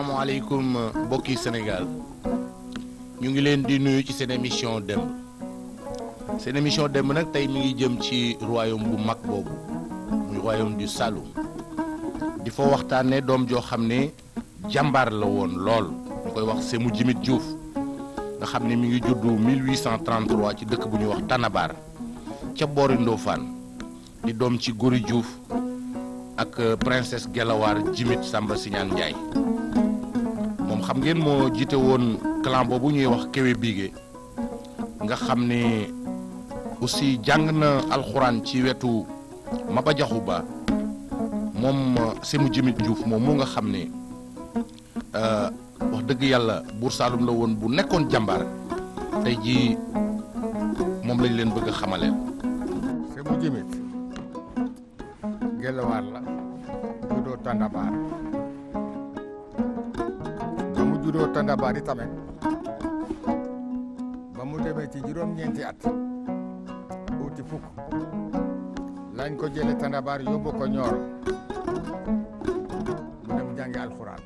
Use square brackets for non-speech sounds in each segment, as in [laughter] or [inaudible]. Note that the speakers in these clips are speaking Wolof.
asalaamaaleykum euh, mbokki senegal ñu ngi leen di nuyu ci seen émission dem seen émission démb nag tey mi ngi jëm ci royaume bu mag boobu muy royaume du Saloum di fa waxtaanee doom joo xam ne jàmbaar la woon lool ñu koy wax Sémou jimit Diouf nga xam ne mi ngi juddu 1833 ci dëkk bu ñuy wax Tanabar ca boori Ndofane di doom ci Gori juuf ak euh, princesse Gelawar Djimit Samba Siñaan Njaay moom xam ngeen moo jiite woon clan boobu ñuy wax Kéwé Biigé nga xam ne aussi jàng na alxuraan ci wetu Maba Jaxu Ba moom euh, Sémou jëmit Diouf moom mu nga xam ne euh, wax dëgg yàlla buur Saalum la woon bu nekkoon jàmbaar tey jii moom lañ leen bëgg a xamaleel. Sémou Djimit Gelawaar la juddoo Tàndabaar juddoo Tandabari tamit ba mu demee ci juróom-ñeenti at uti fukk lañ ko jëlee Tandabari yóbbu ko Nioro mu dem jàngi alxuraan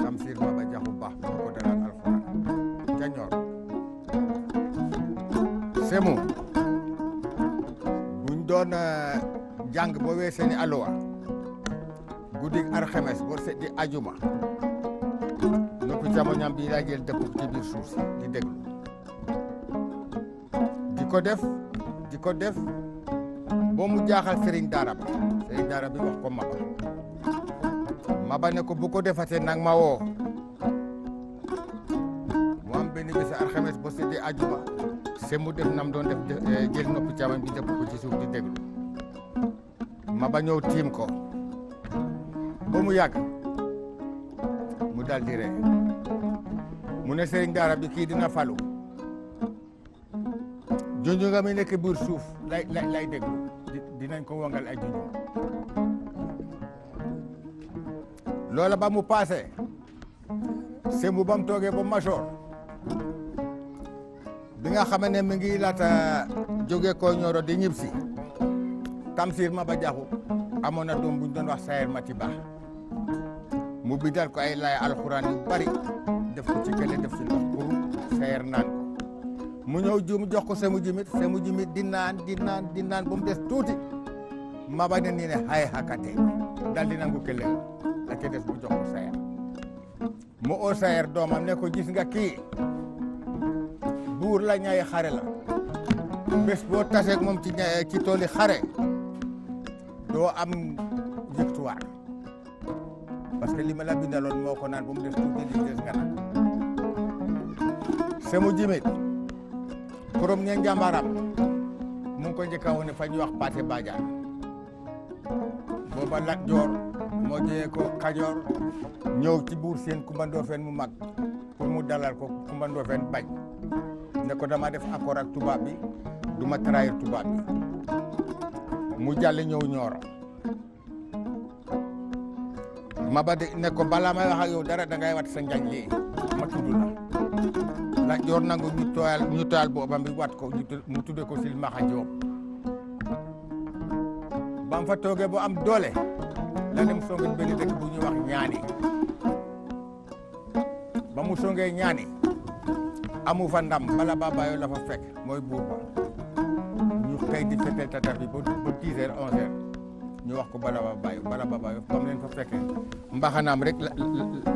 Tamsir Baba Jaxu Ba moo ko dalal alxuraan ca Nioro semo buñ doon euh, jàng boo weesee ni alowa guddi arxemes boo seddi ajuma dëpp càmmoñam bi daa jël dëpp ci biir di déglu di ko def di ko def ba mu jaaxal Serigne Daara ba Serigne bi wax ko Maba Maba ko bu ko defatee nag ma woo mu am benn bés alxames ba sedi ajuma se mu def nam doon def eh, jël nopp càmmoñ bi dëpp ko ci suuf di déglu Maba tiim ko ba mu yàgg mu daal di ree mu ne sëriñ daara bi kii dina falu junj nga mi nekk biir suuf lay lay lay dinañ ko wongal ay loola ba mu paase sembu ba mu toogee bo masoor bi nga xamee ne mi ngi laata ko ñoro di ñib si tamsir ma ba amoon na doom buñ doon wax sayer mati ba mu bindal ko ay lay alxuraan yu bari def ko ci kële def ci ndox pour seer naan ko mu ñëw jum jox ko semu jimit semu jimit di naan di naan di naan ba mu des tuuti maba ne nii ne xay xakkate dal di nangu kële la ca des mu ko oo seer doomam ne ko gis nga kii buur la ñay xare la bés boo taseeg moom ci ci tooli xare doo am victoire parce que li ma la bindaloon moo ko naan ba mu def tuuti li des nga semu jimit korom ngeen jàmbaaram mu ngi ko njëkka wone fa ñuy wax Pate Badiane booba Lat Joor moo jëyee ko Kajoor ñëw ci buur seen Kumba Ndoofeen mu mag pour mu dalal ko Kumba Ndoofeen bañ ne ko dama def accord ak tubaab bi du ma trahir mu jàll ñëw Ñooro Maba de ne ko balaa may wax ak yow dara da ngay wat sa njañ lii ma tudd Lat Joor nangu ñu toyal ñu toyal boobam bi wat ko mu tudde ko Silmaxa Joob bam fa toogee bo am doole la ne mu songeen benn bu ñuy wax ñaani ba mu songee ñaani amu fa ndam bala ba bayo la fa fekk mooy buur ba ñu xëy di fetel tata bi ba heures onze ñu wax ko bala ba bayo bala ba bayo bam leen fa fekkee mbaxanaam rek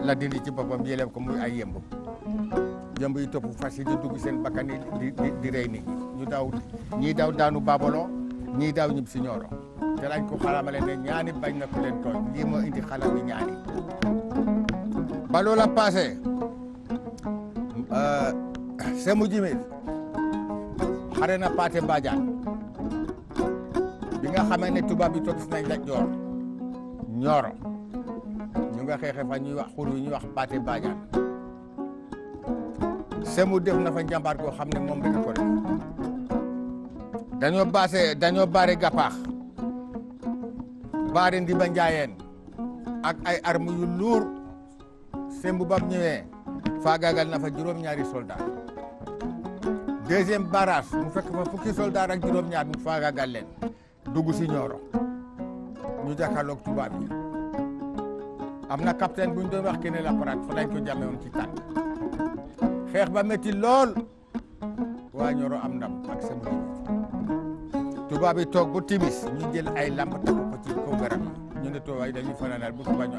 la dindi ci boppam yelew ko muy ay yemb yamb yi topp fas yi di dugg seen bakkan yi di di di rey nit ñu daaw ñii daaw daanu baabaloo ñii daaw ñib si ñooro te lañ ko xalamale ne ñaani bañ na ko leen tooñ lii moo indi xalam yi ñaani ba loola passé euh, Semou Djimil xare na Paate Mbadiane bi nga xamee ne tubaab yi topp si nañ la ñooro ñu nga xeexe fa ñuy wax xur wi ñuy wax Paate Mbadiane semu def na fa njàmbaar koo xam ne moom la ñu ko def dañoo baase dañoo baare gappaax baare njaayeen ak ay arme yu luur sembu bam ñëwee faagaagal na fa juróom-ñaari soldat deuxième barrage mu fekk fa fukki soldat ak juróom-ñaar mu faagaagal leen dugg si Nioro ñu jàkkaarloog tubaab yi am na capitaine bu ñu doon wax Kene Laprade fa lañ ko jàmme ci tànk xeex ba metti lool waa Nioro am ndam ak sama tubaab yi toog ba timis ñu jël ay lamp takk ko ci kaw garab ñu ne tubaab yi dañuy fanaanal bu subaa ñu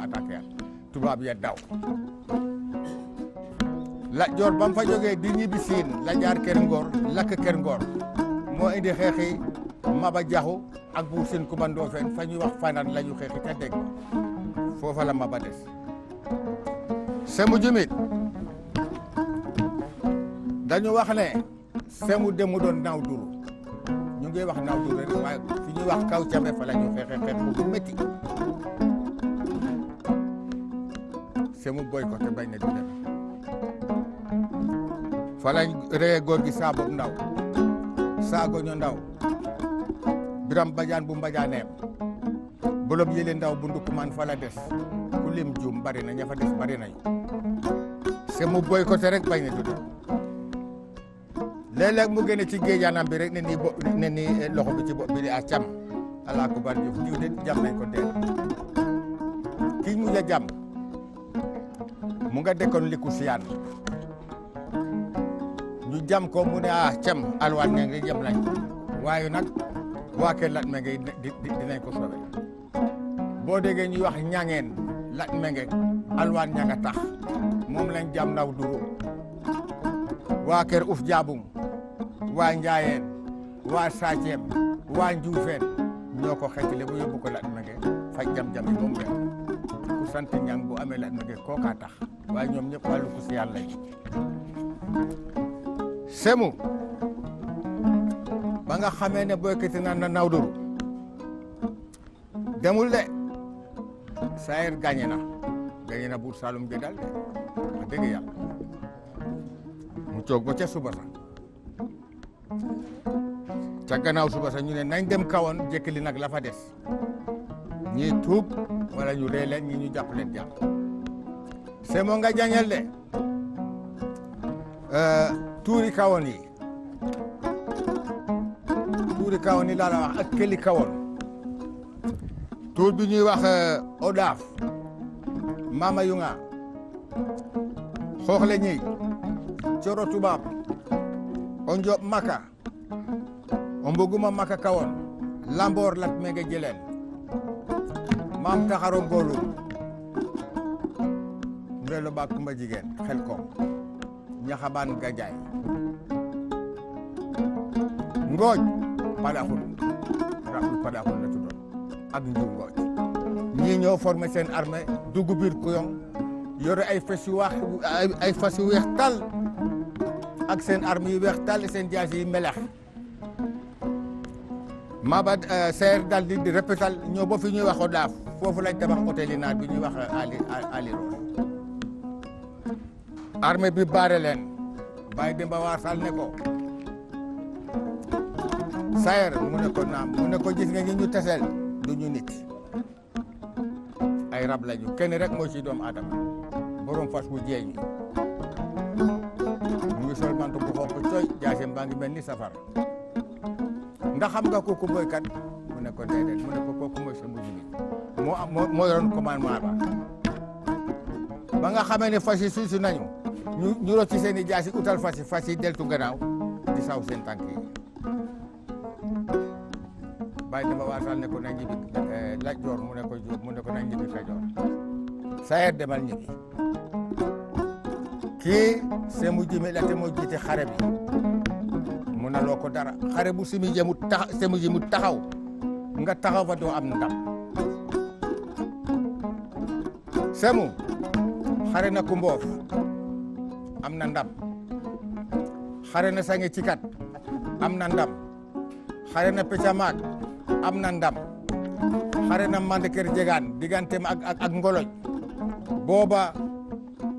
tubaab ya daw la joor ba mu fa jógee di ñibbi siin la jaar kër moo indi xeexi Maba Jaxu ak buur Sine Kumba Ndoofeen fa ñuy wax fanaan la ñu xeexi te dégg foofa la Maba des semu dañu wax ne semu demu doon naaw duru ñu ngi wax naaw duru rek waaye fi ñuy wax kaw came fa la ñu fexe xeex bu métti semu boycotté bañ na du dem fa lañ reye góor gi saaboob ndaw saagoño ndaw biram bajaan bu mbajaaneem bolob yële ndaw bu ndukumaan fa la des ku lim juum bari na ña fa des bari nañu semu boycotté rek bañ na du dem léeg-léeg mu génne ci géejaanam bi rek ne eh, loxo bi ci bopp bi a cam allah ko bari jëf de jam nañ ko dee kii mu ja mu nga dëkkoon liku siyaan ñu jam ko mu ne a ah, cam alwaan ne ngi jam lañ ko nag waa kër lat menge dinañ ko sobe boo déggee ñuy wax ñangeen lat menge alwaan ñanga tax moom lañ jam ndaw duru waa uf jaabum waa Njaayeen waa Saacem waa Njuufeen ñoo ko xeetile bu yóbbu ko Lat Mingué faj jam yi moom benn ku sant ñang bu amee Lat Mingué kookaa tax waaye ñoom ñëpp wàllu ko si yàlla semu ba nga xamee ne boykati naan na nawduru demul de sayer gàñe na buur Saalum gi daal de wax dëgg yàlla mu toog ba ca suba sax ca gannaaw suba sax ñu ne nañ dem kawoon jékkali nag la fa des ñi tuub wala ñu rey ñi ñu jàpp leen jàpp c'est moo nga jañel de euh, tuuri kawoon yi tuuri kawoon yi wax ak këli kawoon tuur bi ñuy wax euh, odaaf mama yu xoox le ñi coro tubaab on jooɓ makka o mboguma makka kawon lamboor lat mege jelen maam taxaro ngolum mbelo ba kumba jigéen xel kom ñaxabaan gajaay ngooj padaxul raxul padaxul la tuddoon ak nju ngooj ñii ñoo seen armée dugg biir kuyong yore ay fas yu wax ay fas yu weex ak seen armes yu weex tàll seen jaasi yi melex Mabad euh, Seer daal di di répétal ñoo ba fi ñuy wax daaf foofu lañ tabax hôtel yi bi ñuy wax euh, Ali Ali armée bi baare leen Baye Demba War Sall ne ko Seer mu ne ko naam mu ne ko gis nga ñu teseel du ñu nit ay rab lañu kenn rek moo ci doomu aadama borom fas bu jeeñ ngi sol mantu bu xonq coy jaaseem baa mel ni safar ndax xam nga kooku mooy mu ne ko déedéet mu ne ko kooku mooy moo mujj bi moo moo moo yoroon commandement ba ba nga xamee ne fas yi suusu nañu ñu ñu rocci seen i jaasi utal fas yi yi deltu gannaaw di saw seen tànk yi bàyyi dama waasal ne ko na ñibbi eh, Lat Joor mu ne ko mu ne ko na Kajoor sayeer demal ñibbi kii Semou Djimi Laté moo jiite xare bi mu na loo ko dara xare bu Semou Djimi tax taxaw nga taxaw fa doo am ndam Semou xare na ku am na ndam xare na sange cikat am na ndam xare na pecamaak am na ndam xare na mandeker jegaan digganteem ak ngoloñ booba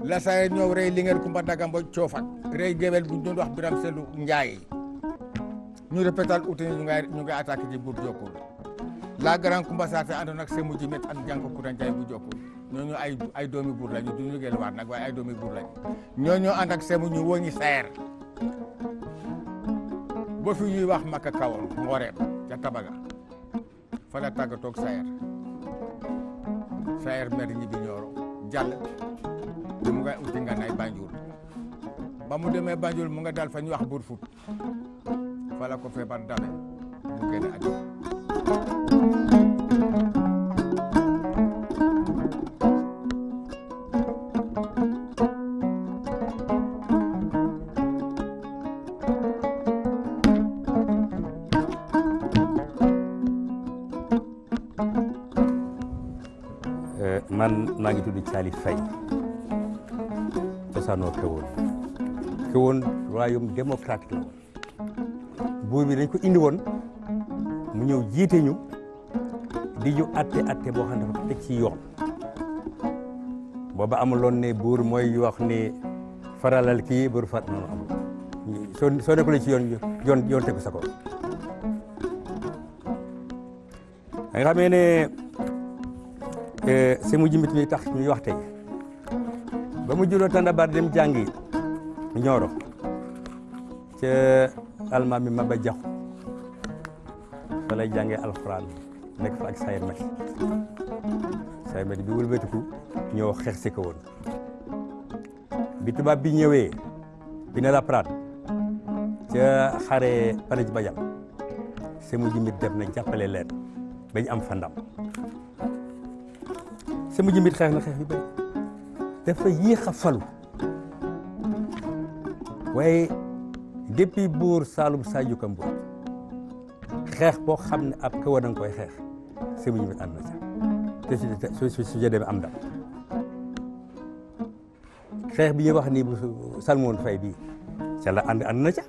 lasaye ñoow rey lingeer Kumba Ndaga Mbodj coofak rey gewel buñ doon wax Biram Selu Njaay ñu répétal uti ñu ngay ñu ngay attaqué la grand Kumba Saate àndoon ak Semu Jimet ak Janko Kuta Njaay bu Jokkul ñooñu ay ay doomi buur lañu du ñu gel nag waaye ay doomi buur lañu ñooñu ànd ak Semu ñu woñi seer ba fi ñuy wax Maka Kawoon Ngoreem ca Tabaga fa la tàggatoog seer seer mer ñi bi mu nga uti nga ba mu demee Banjul mu nga dal fa ñu wax buur fut fa ko feebar dale mu génn àddina euh, man maa ngi tudd Thialy Faye cosaanoo xewoon xewoon royaume démocratique la buur bi dañ ko indiwoon woon mu ñëw jiite ñu di ñu atte atte boo xam ne dafa ci yoon booba amuloon ne buur mooy wax ni faralal kii buur fat noonu amul soo nekkulee ci yoon yoon yoon tegu sa ko da nga xamee ne eh, si mu jimit mi tax ñuy wax tey ba mu juróo Tandabar dem jàngi Nioro ca almaami Maba Jaxu fa lay jàngee alxuraan nekk fa ak Sayer Mati Sayer Mati bi wëlbatiku ñëw xeex si ko bi tubaab bi ñëwee bi ne la Prade ca xare Palij Bajal Sémou Djimit def na jàppale leen bañ am fa ndam Sémou Djimit xeex na xeex yu bëri dafa yéex a falu waaye depuis buur Saalum Sadio Ka Mbodj xeex boo xam ne ab kaw da nga koy xeex sëñ bi am na sax te su su su demee am ndam xeex bi ñuy wax ni Salmon Faye bii ca la ànd ànd na ca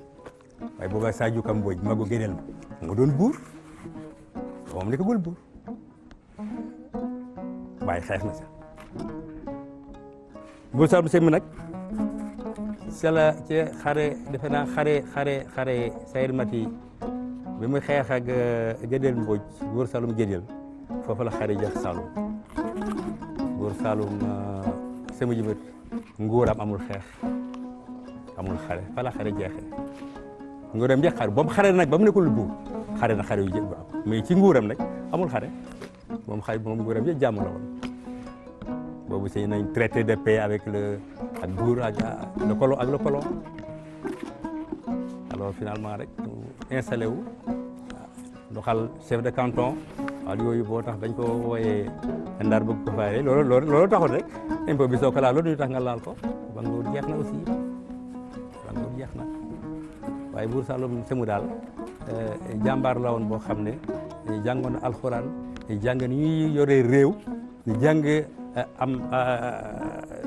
waaye booba Sadio Ka Mbodj magu gëneel ma nga doon buur moom nekkagul buur waaye xeex na sax. bu saalum sëñ nag ca la ca xare defe naa xare xare xare sayir mati bi muy xeex ak euh, Gédéel Mbodj góor Saalum Gédéel foofu la xare jeex Saalum nguur Saalum euh, sama jibët nguuram amul xeex amul xare fa la xare jeexee nguuram jeex xare ba xare nag ba mu nekkul buur xare na xare yu jëm mais ci nguuram nag amul xare moom xare moom nguuram yëpp jàmm boobu signé nañ traité de paix avec le ak buur ak le colon ak le colon alors finalement rek ñu installé wu chef de canton waaw yooyu boo tax dañ ko wooyee ndar bëgg ko faye loolu loolu rek impôt bi soo ko laal tax nga laal ko Bangoor jeex na aussi Bangoor jeex na waaye Buur Saalum semu daal euh, jàmbaar la woon boo xam ne jàngoon na alxuraan jàng ni ñuy yoree réew jàng Eh, am eh,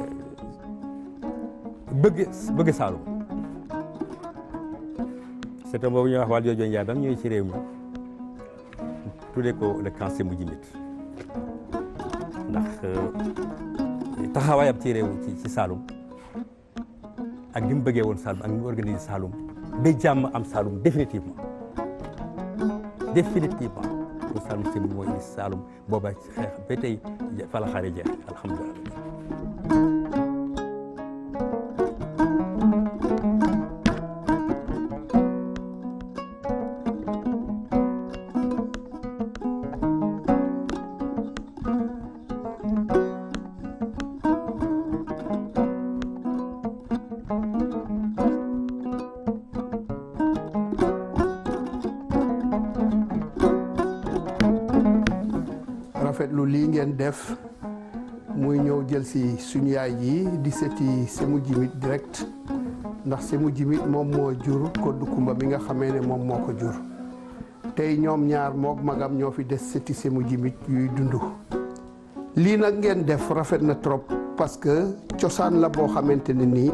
bëgg bëgg Saalum c'est un boobu ñuy wax Valdiodio Ndiaye ba mu ci réew mi tuddee ko le mu jimit ndax eh, taxawaayam ci réew ci ci Saalum ak ni mu bëggee woon Saalum ak ni mu Saalum ba jàmm am Saalum définitivement définitivement. ba Saloum si mooy indi Saloum booba xeex ba tey fa la xare jeex alhamdulilah. rafetlu lii ngeen def muy ñëw jël si suñu yaay ji di seeti semu Djimit direct ndax semu Djimit moom moo jur Koddu Kumba mi nga xamee ne moom moo ko jur tey ñoom ñaar mook magam ñoo fi des seeti Semou jimit yuy dund lii nag ngeen def rafet na trop parce que cosaan la boo xamante ne nii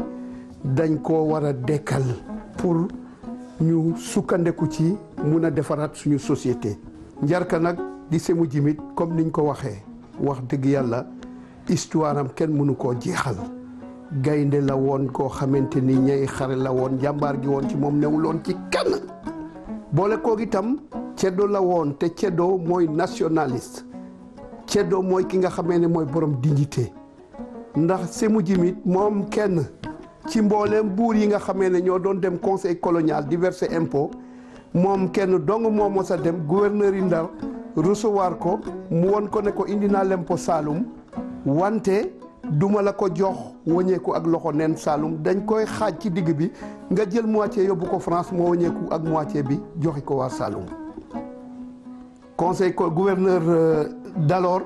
dañ ko war a dekkal pour ñu sukkandeku ci mun a defaraat suñu société njarka nag di semu jimit comme niñ ko waxee wax dëgg yàlla histoire kenn mënu koo jeexal gaynde la woon koo xamante ni ñay xare la woon jàmbaar gi woon ci moom newuloon ci kenn boole koog itam ceddo la woon te ceddo mooy nationaliste ceddo mooy ki nga xamee ne mooy borom dignité ndax semu jimit moom kenn ci mbooleem buur yi nga xamee ne ñoo doon dem conseil colonial diverses impôts moom kenn dong moo mos dem gouverneur yi Ndar recevoir ko mu won ko ne ko indi naa lempo Saalum wante duma la ko jox wëñeeku ak loxo neen Saalum dañ koy xaaj ci digg bi nga jël moitié yóbbu ko France moo wëñeeku ak moitié bi joxe ko waa Saalum conseil ko gouverneur euh, d'alors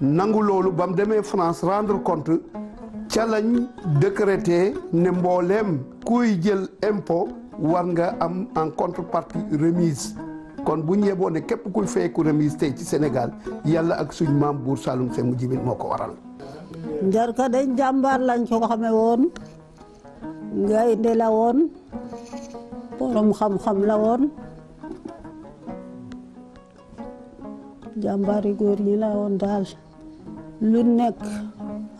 nangu loolu ba mu demee France rendre compte ca lañ ne mbooleem kuy jël impo war nga am en contre contrepartie remise kon bu ñu yeboo ne képp kuy feeku remise ci senegal yàlla ak suñ maam buur Saloum Sène mu jibil moo ko waral. Njarka de jàmbaar lañ ko xamee woon gaynde la woon borom xam-xam la woon jàmbaari góor ñi la woon daal lu nekk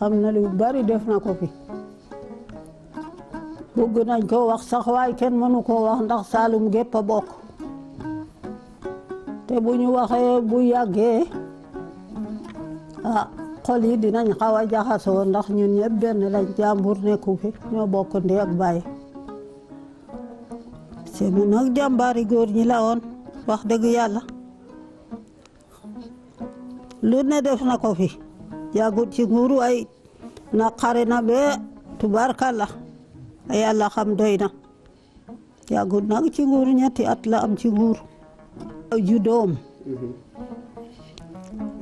am na lu bari def na ko fi. bëgg nañ ko wax sax waaye kenn mënu koo wax ndax Saalum gépp a bokk te ñu waxee bu yàggee ah xol yi dinañ xaw a jaxasoo ndax ñun ñëpp benn lañ jàmbur nekku fi ñoo bokk ndey ak baay seenu nag jàmbaari góor ñi la woon wax dëgg yàlla lu def na ko fi yàggut ci nguur waaye na xare na bee tubaarkàlla yàlla xam doy na yàggut nag ci nguur at la am ci nguur juddoom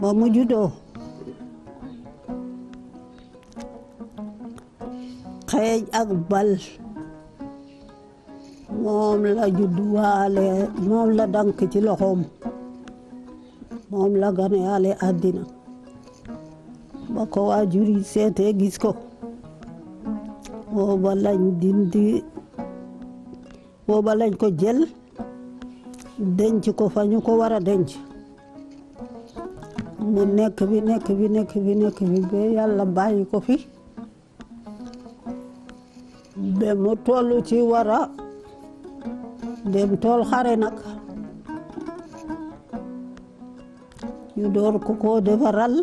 ba mu juddoo xeej ak bal moom la judduwaale moom la dank ci loxoom moom la ganeyaale àddina ba ko waajur yi seetee gis ko booba dindi booba lañ ko jël denc ko fa ñu ko war a denc mu nekk bi nekk bi nekk bi nekk bi ba yàlla bàyyi ko fi ba mu ci wara a dem tool xare nag ñu door ko ko defaral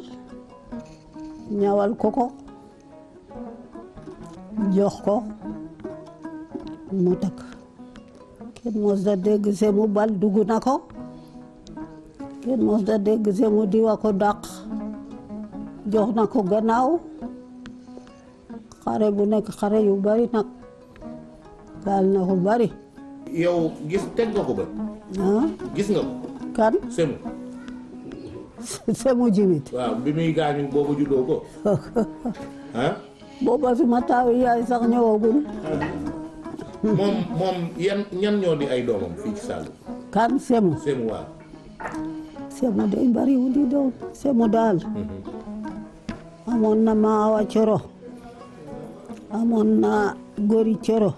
ñawal ko ko jox ko mu takk kenn mos da dégg semu bal dugg na ko mos da dégg semu diwa ko dàq jox na ko gannaaw xare bu nekk xare yu bari nag gaal na ko bari yow gis teg nga ko ba gis nga ko kan semu [laughs] semu jimit waaw bi muy gaañu boobu juddoo ko [laughs] booba suma taaw yaay sax ñëwagul moom moom yan ñan ñoo di ay doomam fii ci Saloum. kan Semu. Semu waaw. Semu di doom Semu daal. Mhm. amoon na Maawa Coro. amoon na Gori Coro.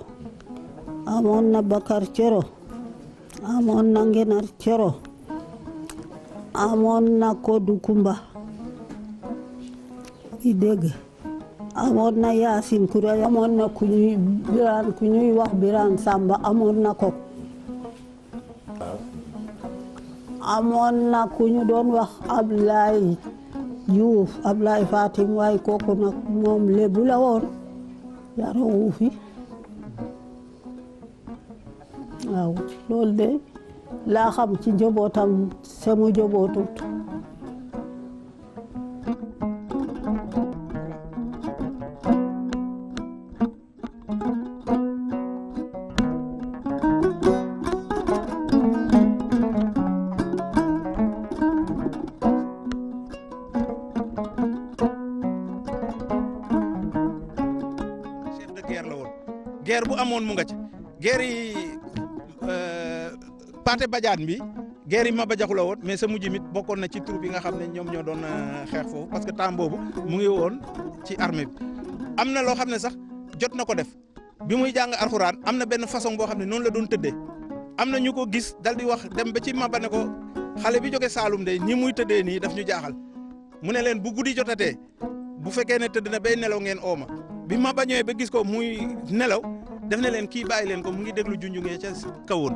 amoon na Bakar Coro. amoon na Ngenar Coro. amoon na Kodu Kumba. i dégg. amoon na Yacine Kouré amoon na ku biraan ku ñuy wax biraan Samba amoon na ko amoon na ku ñu doon wax Ablaye ab Ablaye Fatim waaye kooku nag moom lébu la woon yaroo wu fi waaw loolu de laa xam ci njabootam sama njabootut amoon mu nga ca guerre yi euh, Pathé Badiane bi guerre yi Maba Jaxu la woon mais sa mujj mit bokkoon na ci troupe bi nga xam ne ñoom ñoo doon euh, xeex foofu parce que temps boobu mu ngi woon ci armée bi am na loo xam ne sax jot na ko def bi muy jàng alxuraan am na benn façon boo xam ne noonu la doon tëddee am na ñu ko gis dal di wax dem ba ci Maba ne ko xale bi jóge Saalum de ñi muy tëddee nii daf ñu jaaxal mu ne leen bu guddi jotatee bu fekkee ne tëdd na bay nelaw ngeen ooma bi Maba ñëwee ba def ne leen kii bàyyi leen ko mu ngi déglu junjungee ca kawoon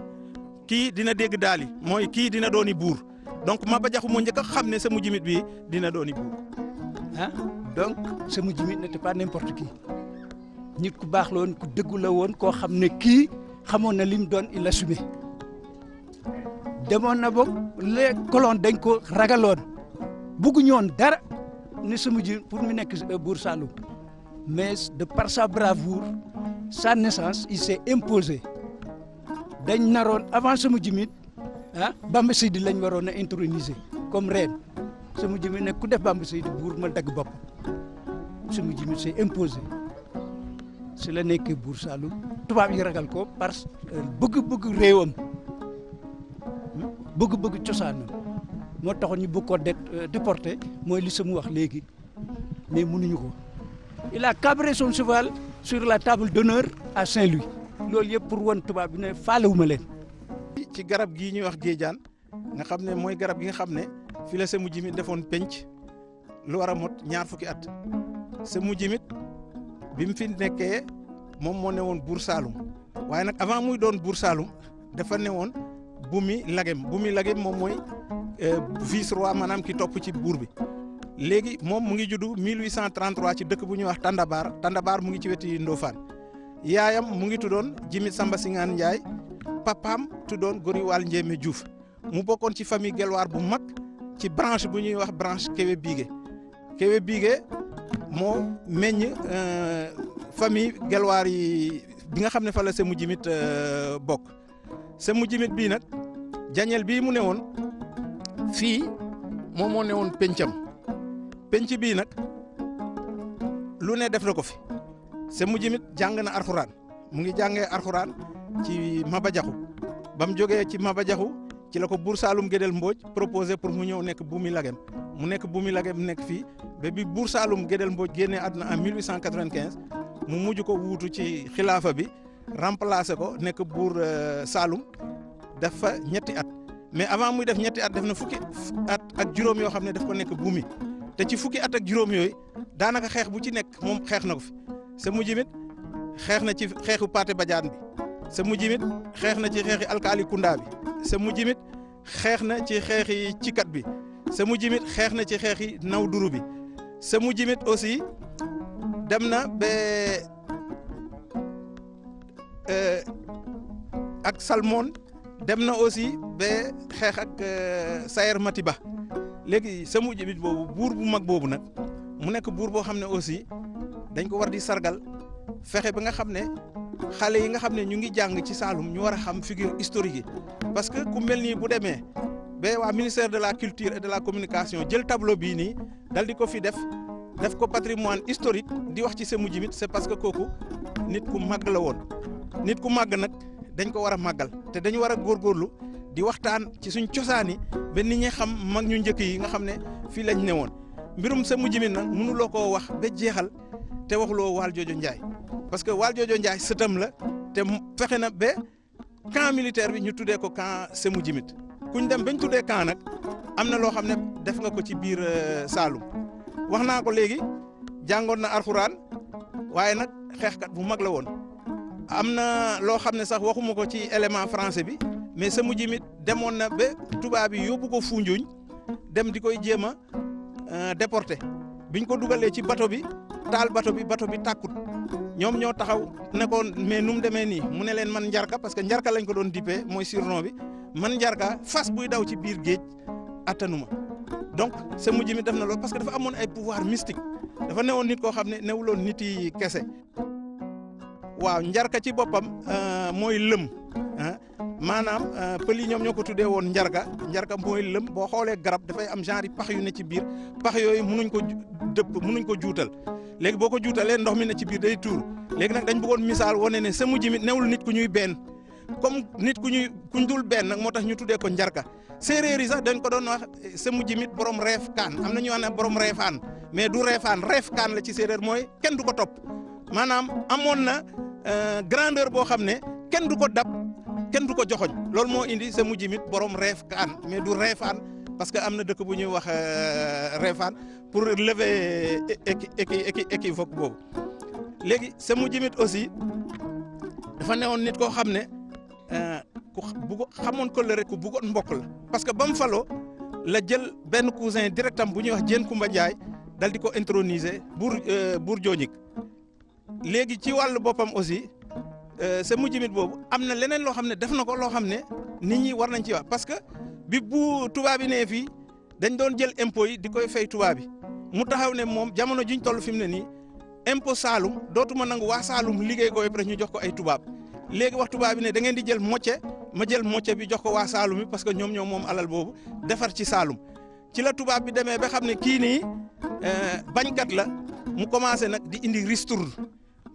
kii dina dégg daali mooy kii dina dooni buur ma Maba Jaxu moo njëkk a xam ne sama jimit bi dina dooni buur ah donc sama jimit n'était pas n'importe qui nit ku baax loon woon ku dëggu la woon koo xam ne kii xamoon na lim doon il assumé demoon na boobu les dañ ko ragaloon bugguñu woon dara ne sama ji pour mu nekk euh, buur Saloum mais de par sa bravoure sa naissance il s'est imposé dañ naroon avant sama jimit ah Bamba Seydi lañ waroon a introniser comme reine sama jimit nag ku def Bamba Seydi buur ma dagg bopp sama jimit s'est imposé si la nekkee buur Saalum tubaab yi ragal ko parce que bëgg-bëgg réewam hmm, bëgg-bëgg cosaanam moo taxoon ñu bëgg ko euh, déporté mooy li sama wax léegi mais ko il a cabré sur la table d'honneur à Saint-Louis loolu yëpp pour wan tubaab bi ne faalewuma leen. ci garab gii ñuy wax géejaan nga xam ne mooy garab gi nga xam ne fi la sa mujj mi defoon penc lu war a mot ñaar fukki at sa mujj bi mu fi nekkee moom moo ne woon buur Saalum waaye nag avant muy doon buur Saalum dafa ne woon Bumi Lagem Bumi Lagem moom mooy euh, vice roi maanaam ki topp ci buur bi. léegi moom mu ngi juddu 1833 ci dëkk bu ñuy wax Tandabar Tandabar mu ngi ci weti Ndofane yaayam mu ngi tuddoon Jimit Samba Singane Ndiaye papaam tuddoon Goriwal njéemé juuf mu bokkoon ci famille Gelwaar bu mag ci branche bu ñuy wax branche Kewe Bigué Kewe Bigué moo meññ euh, famille Gelwaar yi bi nga xam ne fa la Sémou Djimit euh, bokk Sémou jimit bii nag jañeel bii mu newoon fii moom moo newoon pencam. penc bii nag lu ne def na ko fi sa mujj mit jàng na arxuraan mu ngi jàngee arxuraan ci Maba Jaxu ba mu jógee ci Maba Jaxu ci la ko Buur Saalum Gédel Mbooj proposé pour mu ñëw nekk Bumi Lagem mu nekk Bumi Lagem nekk fii ba bi Buur Saalum Gédel Mbooj génnee àdduna en 1895 mu mujj ko wuutu ci xilaafa bi remplacé ko nekk Buur euh, Saalum def fa ñetti at mais avant muy def ñetti at def na fukki at ak juróom yoo xam ne daf ko nekk Bumi te ci fukki at ak juróom yooyu daanaka xeex bu ci nekk moom xeex na ko fi sa mujj mit xeex na ci xeexu pate Badiane bi sa mujj mit xeex na ci xeexi alkaali Kunda bi sa mujj xeex na ci xeexi cikat bi sa mujj mit xeex na ci xeexi naw duru bi sa mujj mit aussi dem na ba euh, ak salmon dem na aussi ba xeex ak euh, Sayer Matiba léegi sa mujj bi boobu buur bu mag boobu nag mu nekk buur boo xam ne aussi dañ ko war di sargal fexe ba nga xam ne xale yi nga xam ne ñu ngi jàng ci Saalum ñu war a xam figure historique yi parce que ku mel nii bu demee ba waa ministère de la culture de la communication jël tableau bii nii dal di ko fi def def ko patrimoine historique di wax ci sa mujj mit c'est parce que kooku nit ku mag la woon nit ku màgg nag. dañ ko war a màggal te dañu war a góorgóorlu di waxtaan ci suñ cosaan yi ba nit ñi xam mag ñu njëkk yi nga xam ne fii lañ ne woon mbirum sa mujj mi nag wax ba jeexal te waxuloo Waal Joojo Njaay parce que Waal Joojo Njaay sëtam la te fexe na ba camp militaire bi ñu tuddee ko camp Semu Jimit kuñ dem bañ tuddee camp nag am na loo xam ne def nga ko ci biir euh, Saalum wax naa ko léegi jàngoon na arxuraan waaye nag xeexkat bu mag la woon am na loo xam ne sax waxuma ko ci élément francais bi mais sa mujj demoon na ba tubaab yi yóbbu ko Foundiougne dem di koy jéem a euh, déporté biñ ko dugalee ci bato bi taal bato bi bato bi tàkkut ñoom ñoo taxaw ne ko mais nu mu demee nii mu ne leen man njarka parce que njarka lañ ko doon dippee mooy surnom bi man njarka fas buy daw ci biir géej attanuma donc sa mujj mi def na lool parce que dafa amoon ay pouvoir mystique dafa newoon nit koo xam ne newuloon nit yi kese waaw njarka ci boppam euh, mooy lëm maanaam euh, pël yi ñoom ñoo ko tuddee woon njarga njarga mooy lëm boo xoolee garab dafay am genre pax yu ne ci biir pax yooyu munuñ ko dëpp munuñ ko juutal léegi boo ko juutalee ndox mi ne ci biir day tuur léegi nag dañ bëggoon misaal wane ne sëmu ji mi newul nit ku ñuy benn comme nit ku ñuy kuñ dul benn nag moo tax ñu tuddee ko njarka séeréer yi sax dañ ko doon wax eh, sëmu jimit mit borom reef kaan am na ñu wax ne borom reefaan mais du reefaan reef kaan la ci séeréer mooy kenn du ko topp maanaam Euh, grandeur boo xam ne kenn du ko dab kenn du ko joxoñ loolu moo indi sa mujj borom reef ka an mais du reef an parce que am na dëkk bu ñuy wax euh, reef an pour lever équivoque boobu léegi sa mujj mit aussi dafa newoon nit koo xam ne euh, ku bugg xamoon ko la rek ku buggoon mbokk la parce que ba mu faloo la jël benn cousin directam bu ñuy wax Diène Koumba Ndiaye dal di ko introniser buur buur Joonik léegi ci wàllu boppam aussi euh, sa mujjimit boobu am na leneen loo xam ne def na ko loo xam ne nit ñi war nañ ci wax parce que bi bu tubaab yi nee fii dañ doon jël impôt yi di koy fay tubaab yi mu taxaw ne moom jamono jiñ toll fi mu ne nii impôt Saalum dootuma nangu waa Saalum liggéey ko yëpp rek ñu jox ko ay tubaab léegi wax tubaab yi ne da ngeen di jël mocce ma jël mocce bi jox ko waa Saalum yi parce que ñoom ñoom moom alal boobu defar ci Saalum ci la tubaab bi demee ba xam ne kii nii euh, bañkat la mu commencé nag di indi ristourne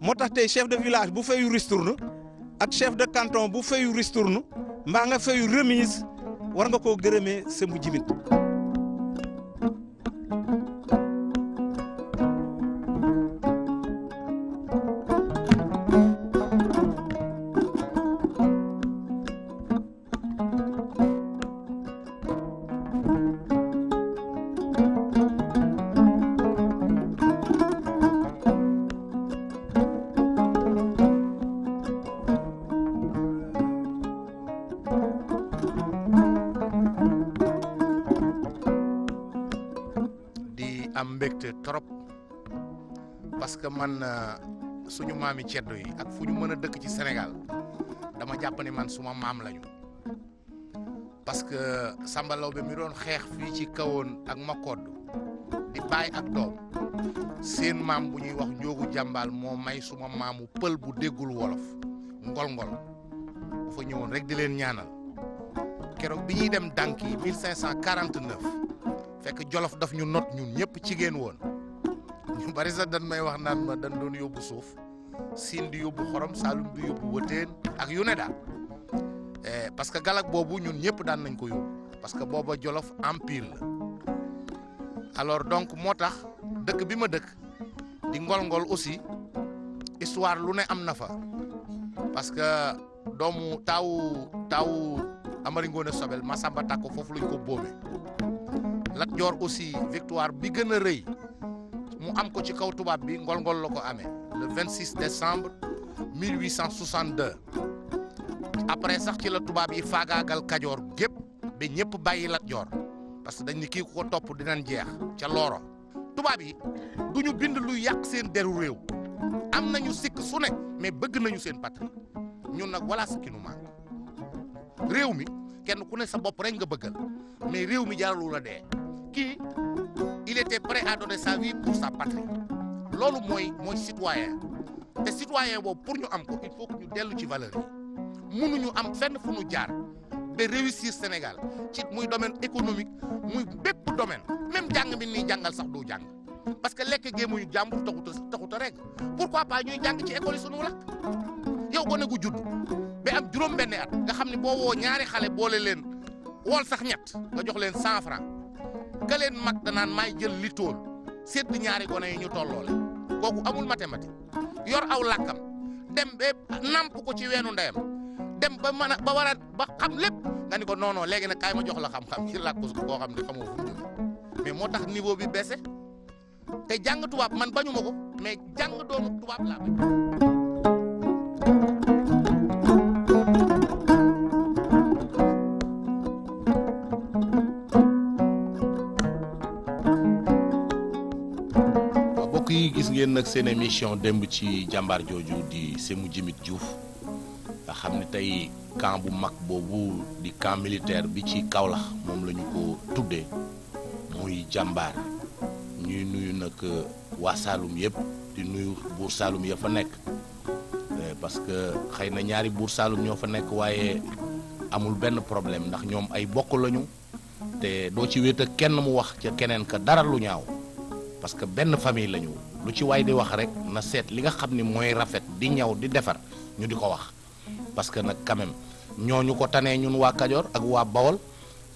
moo tax tey chef de village bu fayu ristourne ak chef de canton bu fayu ristourne mbaa nga fayu remise war nga koo gërëmee sëmbu jimit que man euh, suñu maami ceddo yi ak fu ñu mën a dëkk ci senegal dama jàpp ne man suma maam lañu parce que Samba Lawbe mi doon xeex fii ci kawoon ak Makoddu di baay ak doom seen maam bu ñuy wax njoogu jàmbal moo may suma maamu pël bu déggul wolof ngol-ngol dafa ñëwoon rek di leen ñaanal keroog bi ñuy dem dànk yi 1549 fekk jolof daf ñu not ñun ñëpp ci géen woon. ñu [laughs] bari sax dañ may wax naan ma dañ doon yóbbu suuf siin di yóbbu xorom saalum di yóbbu wëteen ak yu ne daal eh, parce que galak boobu ñun ñëpp daan nañ ko yóbbu parce que booba jolof empire la alors donc moo tax dëkk bi ma dëkk di ngool ngol aussi histoire lu ne am na fa parce que doomu taawu taawu Amari Ngoone Sobel Masamba Takko foofu lañ ko boobee Lat aussi victoire bi gën a rëy am ko ci kaw tubaab bi ngol-ngol la ko amee le 26 décembre 1862 après sax ci la tubaab yi faagaagal kajoor gépp ba ñëpp bàyyi Lat Joor parce que dañ ni kii ku ko topp dinañ jeex ca looro tubaab yi du ñu bind lu yàq seen deru réew am nañu sikk su ne mais bëgg nañu seen patrie ñun nag voilà ce qui nous réew mi kenn ku ne sa bopp rek nga bëggal mais réew mi jaralu la dee kii il était prêt à donner sa vie pour sa patrie loolu mooy mooy citoyen te citoyen boobu pour ñu am ko il faut que ñu dellu ci valeur yi mënuñu am fenn fu ñu jaar ba réussir Sénégal ci muy domaine économique muy bépp domaine même jàng mi nii jàngal sax doo jàng parce que lekke géemuñu jàmbur taxut a taxut a rek pourquoi pas ñuy jàng ci école yi sunu lakk yow gone gu judd ba am juróom-benni at nga xam ne boo woo ñaari xale boole leen wool sax ñett nga jox leen cent ka leen mag danaan maay jël li tool sédd ñaari gone yi ñu tolloole kooku amul mathématique yor aw làkkam dem ba namp ko ci weenu ndeyam dem ba mën a ba war ba xam lépp nga ni ko non non léegi nag kaay ma jox la xam-xam ci làkk koo xam ne xamoo fu mu mais moo tax niveau bi te jàng tubaab man bañu ma ko mais jàng tubaab laa nag seen émission démb ci jàmbaar jooju di Sémou Djimit Diouf nga xam ne tey camp bu mag boobu di camp militaire bi ci kawlax moom la ñu ko tuddee muy jàmbaar ñuy nuyu nag euh, waa Saloum yëpp di nuyu buur Saloum ya fa nekk euh, parce que xëy na ñaari buur Saloum ñoo fa nekk waaye amul benn problème ndax ñoom ay bokk lañu te doo ci wéet kenn mu wax ca keneen ka dara lu ñaaw parce que benn famille lañu lu ci waay di wax rek na seet li nga xam ni mooy rafet di ñaw di defar ñu di ko wax parce que nag quand même ñooñu ko tanee ñun waa Kajoor ak waa Bawol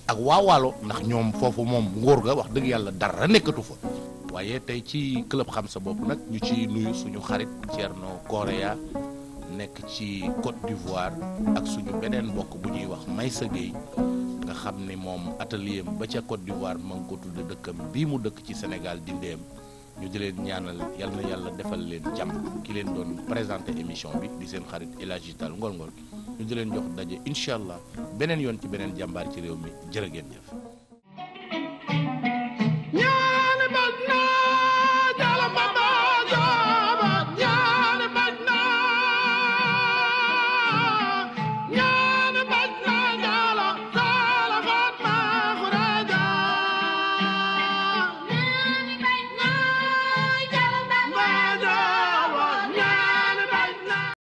ak waa Waalo ndax ñoom foofu moom nguur ga wax dëgg yàlla dara nekkatu fa waaye tey ci club xam sa bopp nag ñu ci nuyu suñu xarit Thierno Korea nekk ci Côte d'Ivoire ak suñu beneen mbokk bu ñuy wax Maysa Gueye nga xam ni moom atelier ba ca Côte d'Ivoire ma ngi ko dëkkam bii mu dëkk ci Sénégal di ñu di leen ñaanal yal na yàlla defal leen jàmm ki leen doon présenté émission bi di seen xarit El Hadji Tall Ngor Ngor ñu di leen jox daje incha allah beneen yoon ci beneen jàmbaar ci réew mi jërë ngeen jëf.